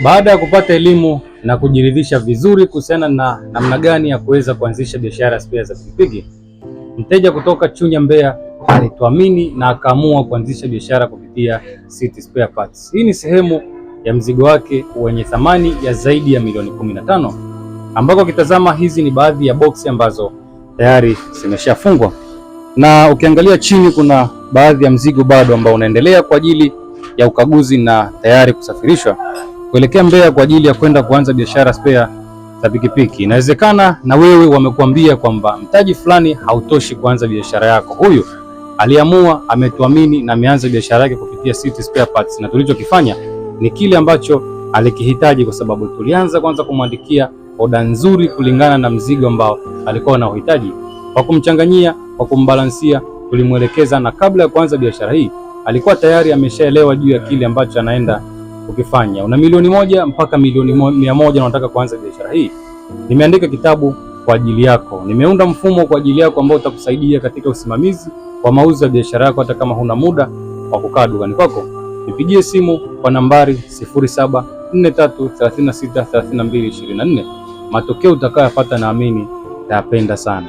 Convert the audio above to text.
Baada ya kupata elimu na kujiridhisha vizuri kuhusiana na namna gani ya kuweza kuanzisha biashara ya spea za pikipiki, mteja kutoka Chunya Mbeya alituamini na akaamua kuanzisha biashara kupitia City Spare Parts. Hii ni sehemu ya mzigo wake wenye thamani ya zaidi ya milioni 15, ambako kitazama hizi ni baadhi ya boksi ambazo tayari zimeshafungwa, na ukiangalia chini kuna baadhi ya mzigo bado ambao unaendelea kwa ajili ya ukaguzi na tayari kusafirishwa kuelekea Mbeya kwa ajili ya kwenda kuanza biashara spare za pikipiki. Inawezekana na wewe wamekuambia kwamba mtaji fulani hautoshi kuanza biashara yako. Huyu aliamua, ametuamini na ameanza biashara yake kupitia City Spare Parts, na tulichokifanya ni kile ambacho alikihitaji, kwa sababu tulianza kwanza kumwandikia oda nzuri kulingana na mzigo ambao alikuwa na uhitaji, kwa kumchanganyia, kwa kumbalansia, tulimwelekeza, na kabla ya kuanza biashara hii alikuwa tayari ameshaelewa juu ya kile ambacho anaenda ukifanya una milioni moja mpaka milioni mia moja na unataka kuanza biashara hii, nimeandika kitabu kwa ajili yako, nimeunda mfumo kwa ajili yako ambao utakusaidia katika usimamizi wa mauzo ya biashara yako, hata kama huna muda wa kukaa dukani kwako. Nipigie simu kwa nambari 0743363224. Matokeo utakayopata naamini tayapenda sana.